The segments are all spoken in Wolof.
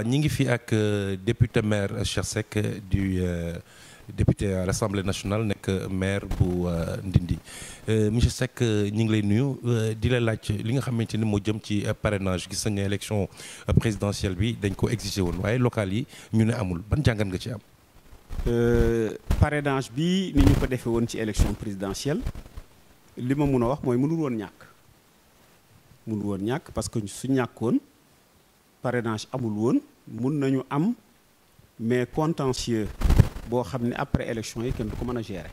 Euh, ñi ngi fi ak euh, député maire Cheikh Seck du euh, député à l'Assemblée nationale nekk maire bu Ndindi monsieur Seck ñi ngi lay nuyu di la laaj li nga xamante ni moo jëm ci parenage gis nañu élection présidentielle bi dañ ko exigé woon waaye local yi ñu ne amul ban jàngat nga ci am. parrainage bi ni ñu ko defee woon ci élection présidentielle li ma mun a wax mooy mënul woon ñàkk mënul woon ñàkk parce que su ñàkkoon. parrainage amul woon mun nañu am mais contentieux boo xam ne après élection yi kenn du ko mën a gérer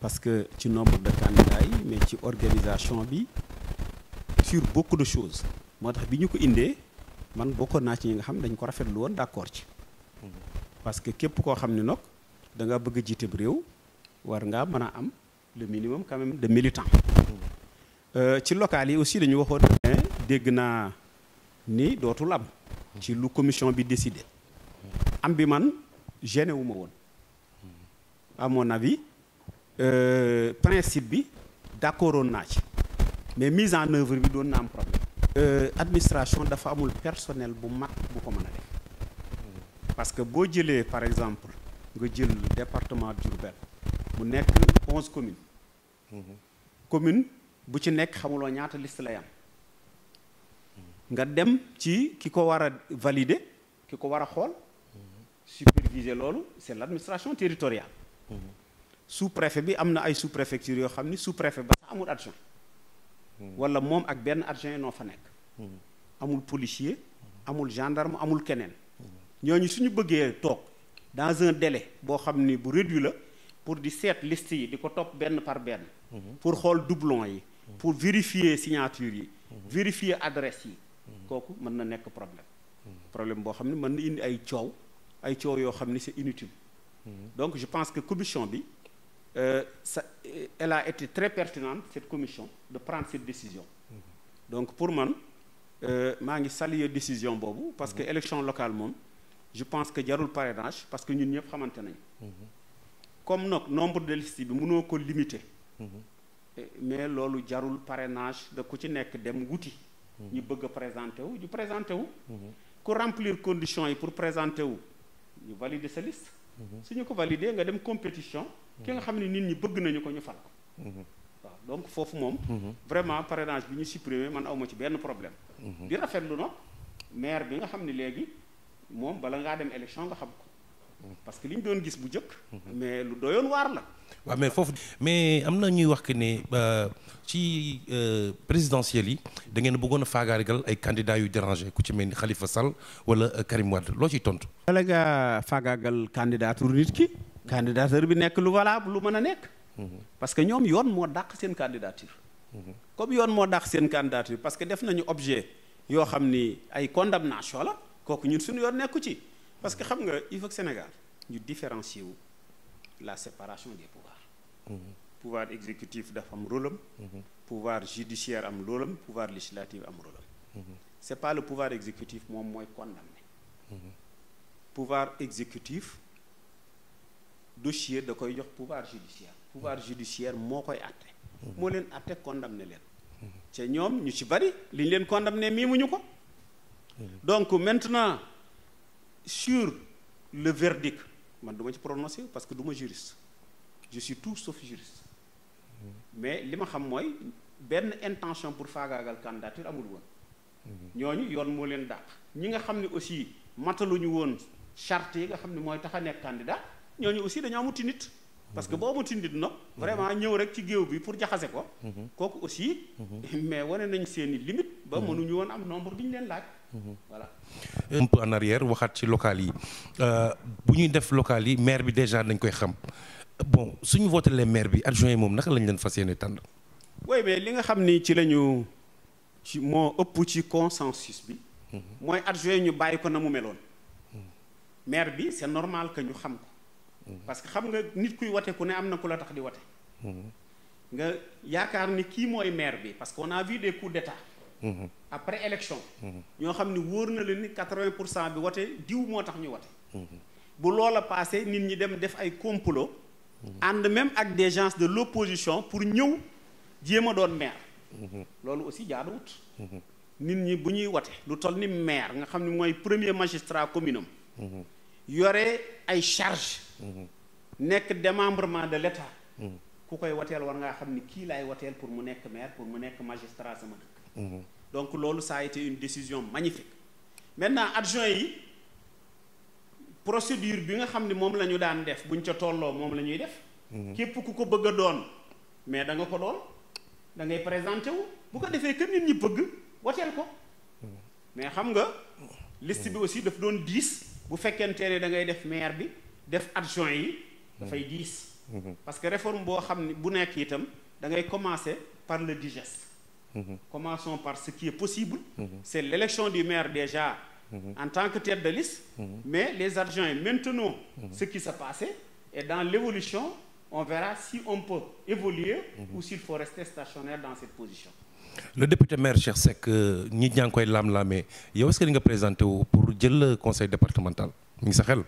parce que ci nombre de candidats yi mais ci organisation bi sur beaucoup de choses moo tax bi ñu ko indee man bokkoon naa ci ñi nga xam dañ ko rafetlu woon d'accord ci parce que képp koo xam ni nag da nga bëgg a jiite réew war ngaa mën a am le minimum quand même de militants. Euh, ci local yi aussi dañu waxoon ne dégg naa. ni dootul am ci lu commission bi décidé am bi man gêné wu woon amoon na bi euh, principe bi d'accordoon naa ci mais mise en œuvre bi doon na am problème euh, administration dafa amul personnel bu mag bu ko mën a def parce que boo jëlee par exemple nga jël département Diourbel mu nekk onze communes mm-hmm. commune bu ci nekk xamuloo ñaata liste lay am nga dem ci ki ko war a valider ki ko war a xool superviser loolu c'est l'administration territoriale sous-préfet bi am na ay sous-préfecture yoo xam ni sous-préfet ba sax amul adjoint wala moom ak benn adjoint noo fa nekk amul policier amul gendarme amul keneen ñooñu suñu bëggee toog dans un délai boo xam ni bu réduit la pour di seet liste yi di ko topp benn par benn mhm. pour xool doublon yi pour vérifier signature yi mhm. vérifier adresse yi kooku mën na nekk problème hmm. problème boo xam ne mën na indi ay coow ay coow yoo xam ne c'est inutile hmm. donc je pense que commission bi euh, ça euh, elle a été très pertinente cette commission de prendre cette décision hmm. donc pour man euh, maa ngi saluer décision boobu parce que élection locale moom je pense que jarul parrainage parce que ñun ñëpp xamante nañ comme nag nombre de listes bi mënoo ko limiter eh, mais loolu jarul parrainage da ku ci nekk dem wuti ñu bëgg a présenté wu ñu présenté wu. Mhm. ku remplir conditions yi pour présenté wu ñu valider sa liste. Mhm. su ñu ko valider nga dem compétition. ki nga mhm. xam ne nit ñi bëgg nañu ko ñu fal ko. waaw donc foofu moom. vraiment parrainage bi ñu supprimer man awma ci benn problème. di rafetlu nag maire bi nga xam ni léegi moom bala ngaa dem élection nga xam ko. parce que li ñu doon gis bu jëkk mhm. mais lu doyoon waar la. waaw mais foofu mais am na ñuy wax que ne euh, ci euh, présidentielles yi da ngeen bëggoon a faagaagal ay candidats yu dérangé ku ci mel ni Khalifa Sall wala euh, Karim loo ciy tontu. bala ngaa faagaagal candidature nit ki. candidature bi nekk lu valable lu mën a nekk. Mhm. parce que ñoom yoon moo dàq seen candidature. Mhm. comme yoon moo dàq seen candidature parce que def nañu objet yoo xam ni ay condamnation la kooku ñun suñu nekku ci. parce que xam nga il faut Sénégal ñu différencier wu la séparation des pouvoirs. Mmh. pouvoir exécutif dafa am rôle am. Mhm. pouvoir judiciaire am rôle am pouvoir législatif am rôle am. Mhm. c'est pas le pouvoir exécutif moom mooy condamné. Mhm. pouvoir exécutif dossier da koy jox pouvoir judiciaire. pouvoir judiciaire moo koy àtte. moo leen àtte condamné leen. te ñoom ñu ci bari li ñu leen condamné miimuñu ko. donc maintenant. sur le verdict man du ma ci prononcer parce que duma ma juriste je tout sauf juriste mais li ma xam mooy benn intention pour faagaagal candidature amul woon ñooñu yoon moo leen dàq ñi nga xam ne aussi mataluñu woon charte yi nga xam ne mooy tax a nekk candidat ñooñu aussi dañoo amuti nit parce que boo amatul nit no vraiment ñëw rek ci géew bi pour jaxase ko. kooku aussi. mais wane nañ seeni i ba mënuñu woon am nombre bi ñu leen laaj. voilà. Euh, un peu en arrière waxaat ci local yi euh, bu ñuy def local yi maire bi déjà dañ koy xam bon suñu voté les maire bi adjoint yi moom naka lañ leen fas yéene tànn. oui mais li nga xam ni ci lañu ci moo ëpp ci consensus bi. mooy adjoint ñu bàyyi ko na mu meloon. maire bi c'est normal que ñu xam parce que xam nga nit kuy wate ku ne am na ku la tax di wate nga yaakaar ni kii mooy maire bi parce que on a vu des coups d'état après élection ñoo xam ni wóor na leen ni quatre-vingt pour cent bi wate diw moo tax ñu wate bu loola passé nit ñi dem def ay complot ànd même ak des gens de l'opposition pour ñëw jéem a doon maire loolu aussi jaaduwut nit ñi bu ñuy wate lu toll ni maire nga xam ni mooy premier magistrat commune am yore ay charge mhm. nekk démembrement de l'État mhm. ku koy wateel war ngaa xam ni kii laay wateel pour mu nekk maire pour mu nekk magistrat sama dëkk mhm. donc loolu ça a été une décision magnifique maintenant adjoint yi procédure bi nga xam ne moom la ñu daan def buñ ca tolloo moom la ñuy def képp ku ko bëgg a doon mais da nga ko doon da ngay présenté wu bu ko defee kër nit ñi bëgg wateel ko mais xam nga liste bi aussi daf doon diis bu fekkente ne da ngay def maire bi def adjoint yi dafay mm-hmm. diis mm-hmm. parce que réforme boo xam ni bu nekk itam da ngay commencer par le digeste mm-hmm. commençons par ce qui est possible c'est l'élection du maire déjà en tant que terre de liste mais les adjoints maintenant ce qui s'est passé et dans l'évolution on verra si on peut évoluer ou s'il faut rester stationnaire dans cette position le député maire Cheikh Seck ñi euh, ñaa ngi koy laam-laamee yow est-ce li nga présenté wu pour jël conseil départemental mi ngi sa xel.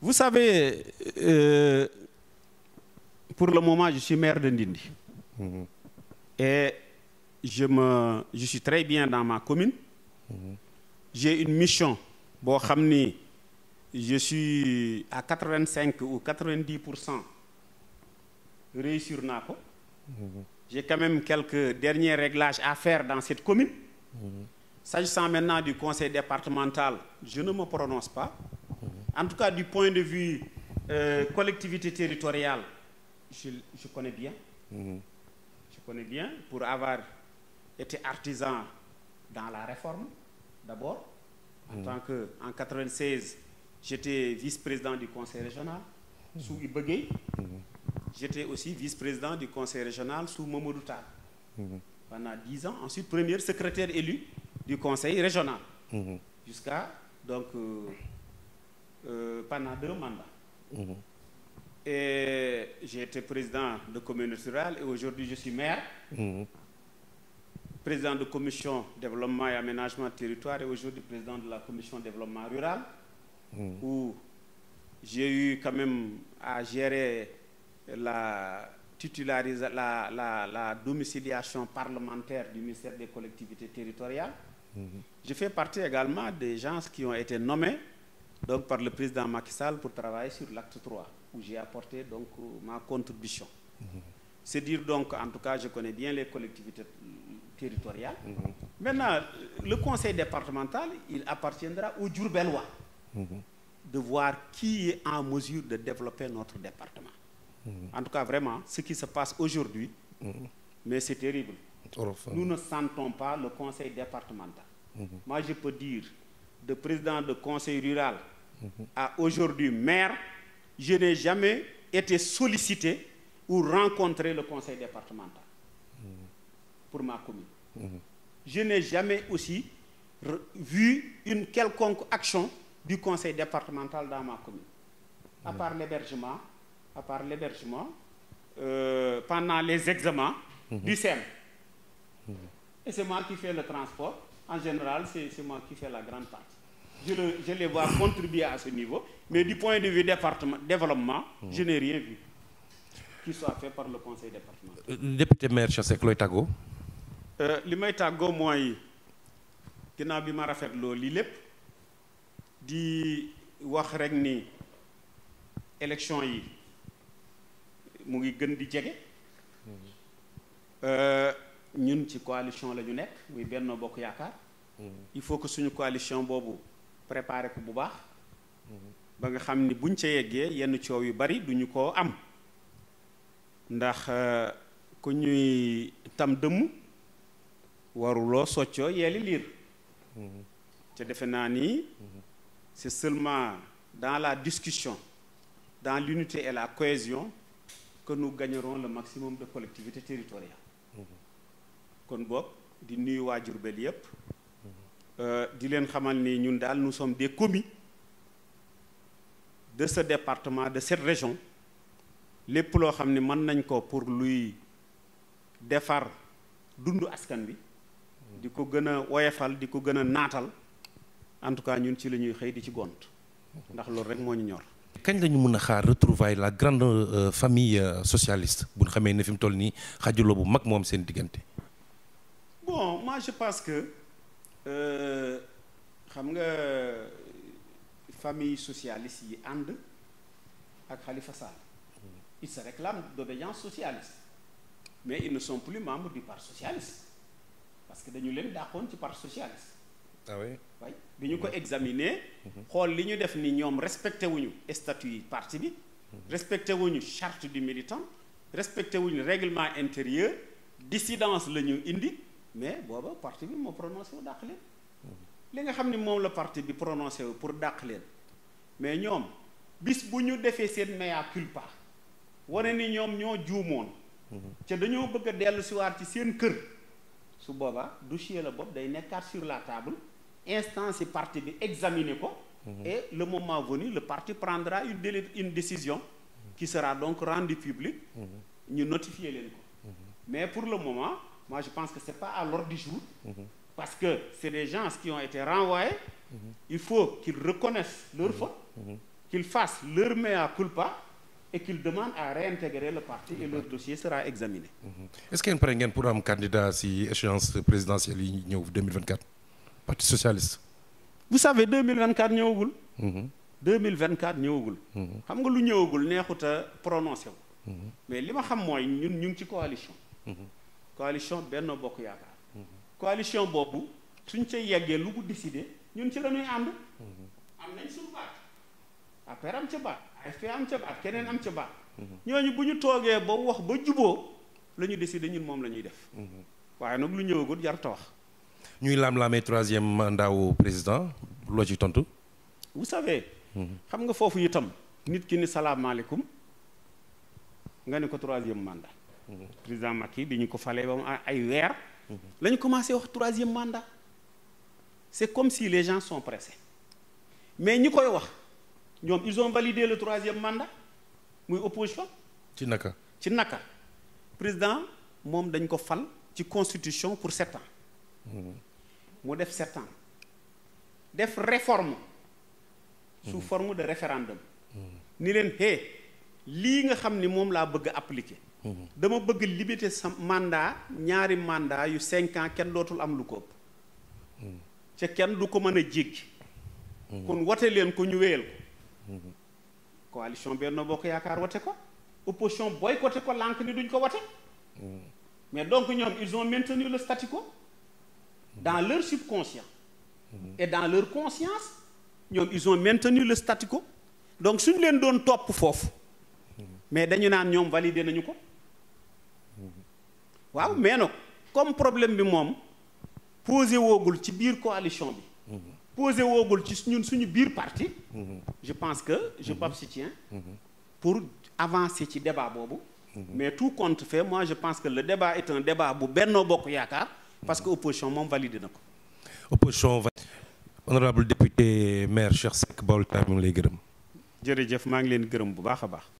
vous savez euh, pour le moment je suis maire de Ndindi. Mmh. et je me je suis très bien dans ma commune. Mmh. j'ai une mission boo xam ni je suis à quatre-vingt-cinq ou quatre-vingt-dix pour cent réussir naa ko. Mm-hmm. j'ai quand même quelques derniers réglages à faire dans cette commune mhm. s'agissant maintenant du conseil départemental je ne prononce pas mhm. en tout cas du point de vue euh, collectivité territoriale je je connais bien mhm. je connais bien pour avoir été dans la réforme d'abord en tant que en 96 j'étais vice-président du conseil régional sous Iba Gueye j'étais aussi vice-président du conseil régional sous Mamadou Tall mmh. pendant dix ans ensuite premier secrétaire élu du conseil régional mmh. jusqu'à donc euh, euh, pendant deux mandats mhm. et j'ai été président de communauté rurale et aujourd'hui je suis maire mhm. président de commission développement et aménagement territoire et aujourd'hui président de la commission développement rural mhm. où j'ai eu quand même à gérer la titularisation la la la domiciliation parlementaire du ministère des collectivités territoriales. Mmh. Je fais partie également des gens qui ont été nommés par le président Macky pour travailler sur l'acte 3 où j'ai apporté donc ma contribution. Mmh. C'est dire donc en tout cas je connais bien les collectivités territoriales. Mmh. Maintenant le conseil départemental il appartiendra aux Diourbellois mhm. de voir qui est en mesure de développer notre département. Mm-hmm. En tout cas, vraiment, ce qui se passe aujourd'hui, mm-hmm. mais c'est terrible. Nous ne sentons pas le conseil départemental. Mm-hmm. Moi, je peux dire, de président de conseil rural à aujourd'hui maire, je n'ai jamais été sollicité ou rencontré le conseil départemental pour ma commune. Je n'ai jamais aussi vu une quelconque action du conseil départemental dans ma commune, à part l'hébergement à part l'hébergement euh, pendant les examens mmh. du SEM. Mmh. Et c'est moi qui fais le transport. En général, c'est moi qui fais la grande partie. Je, le, je les vois contribuer à ce niveau, mais du point de vue département, développement, mmh. je n'ai rien vu qui soit fait par le conseil départemental. Euh, député maire Chassek, looy tàggoo. Euh, li may tàggoo mooy ginnaaw bi ma rafet rafetloo lii lépp di wax rek ni élection yi. mu ngi gën di jege euh, ñun ci coalition la ñu nekk muy Benno Bokk Yaakaar il faut que suñu coalition boobu préparer ko bu baax ba nga xam ni buñ ca yeggee yenn coow yu bari duñu ko am ndax euh, ku ñuy tam dëmm waruloo soccoo yeeli liir te defe naa ni c'est seulement dans la discussion dans l'unité et la cohésion kon nous gagnerons le maximum de collectivités territoriales. Mm-hmm. kon boog di nuyu waa Diourbel yépp euh, di leen xamal ni ñun daal nous sommes des commis de ce département de cette région lépp loo xam ne mën nañ ko pour luy defar dund askan wi mm-hmm. di ko gën a woyefal di ko gën a naatal en tout cas ñun ci la ñuy xëy di ci gont mm-hmm. ndax loolu rek moo ñu ñor kañ lañu mën a xaar retrouvaille la grande euh, famille euh, socialiste bu ñu xamee ne fi mu toll nii xajuloo bu mag moom seen diggante. bon moi je pense que euh, xam nga famille socialiste yi ànd ak Khalifa Sall. ils se réclament d'obédience socialiste mais il ne sont plus membres du parti socialiste parce que dañu leen dàqoon ci parti socialiste. ah oui waay bi ñu ko examiner xool li ñu def ni ñoom respecté wuñu statut yi parti bi respecté wuñu charte du militant respecté wuñu règlement intérieur dissidence la ñu indi mais booba parti bi moo prononcé wu dàq leen li nga xam ni moom la parti bi prononcé wu pour dàq leen mais ñoom bis bu ñu defee seen mea culpa wane ni ñoom ñoo juumoon ca dañoo bëgg a dellu siwaat ci seen kër su boobaa dossier la bopp day nekkaat sur la table instance yi parti bi examiner ko mhm. et le moment venu le parti prendra une délai une décision qui sera donc rendue publique mhm. ñu notifie leen ko mhm. mais pour le moment moi je pense que c'est pas à l'ordre du jour parce que c'est des gens qui ont été renvoyés il faut qu'ils reconnaissent leur faute qu'ils fassent leur mea culpa et qu'ils demandent à réintégrer le parti et leur dossier sera examiné est-ce que yéen pare pour am candidat si échéance présidentielle yi ñëw 2024 parti socialiste. vous savez 2024 ñëwagul. 2024 mm-hmm. ñëwagul. Mm-hmm. xam nga lu ñëwagul neexut a prononcé wu. Mm-hmm. mais li ma xam mooy ñun ñu ngi ci coalition. coalition benn Bokk Yaakaar. coalition boobu suñ ca yeggee lu ko décidé ñun ci la ñuy ànd. am nañ suñu baat am ca baat AFP am ca baat keneen am ca baat. ñooñu bu ñu toogee ba wax ba juboo la ñu décidé ñun moom la ñuy def. waaye nag lu ñëwagul jarut wax. ñuy laam-laamee troisième mandat wu président loo ci tontu. vous savez. xam nga foofu itam. nit ki ni salaamaaleykum nga ne ko troisième mandat. président Macky bi ñu ko fale ba mu ay weer. la ñu commencé wax troisième mandat. c'est comme si les gens son pressés mais ñi koy wax ñoom ils ont validé le troisième mandat muy opposition. ci naka ci naka président moom dañ ko fal ci constitution pour sept mu def sept def réforme sous mhm. forme de référendum mhm. ni leen hé lii nga xam ni moom laa bëgg a mhm. dama bëgg limiter sa mandat ñaari mandat yu cinq ans kenn dootul am lu ko ëpp ca kenn du ko mën a jéggi kon wate leen ko ñu wéyal ko coalition Benno Bokk Yaakaar wate ko opposition boycotté ko lànk ni duñ ko wate mais donc ñoom ils ont maintenu le statu quo dans leur subconscient. Mm-hmm. et dans leur conscience ñoom ils ont maintenu le statu quo donc suñu leen doon topp foofu mm-hmm. mais dañu naan ñoom valider nañu ko mm-hmm. waaw mais nag comme problème bi moom posé woogul ci biir coalition bi posé woogul ci ñun suñu biir parti je pense que je m'abstiens pour avancer ci débat boobu mais tout compte fait moi je pense que le débat est un débat bu Benno Bokk Yaakaar parce que opposition moom validé na ko. opposition validé. honorable député maire Cheikh Seck Baol Time mu ngi lay gërëm. jërëjëf maa ngi leen gërëm bu baax a baax.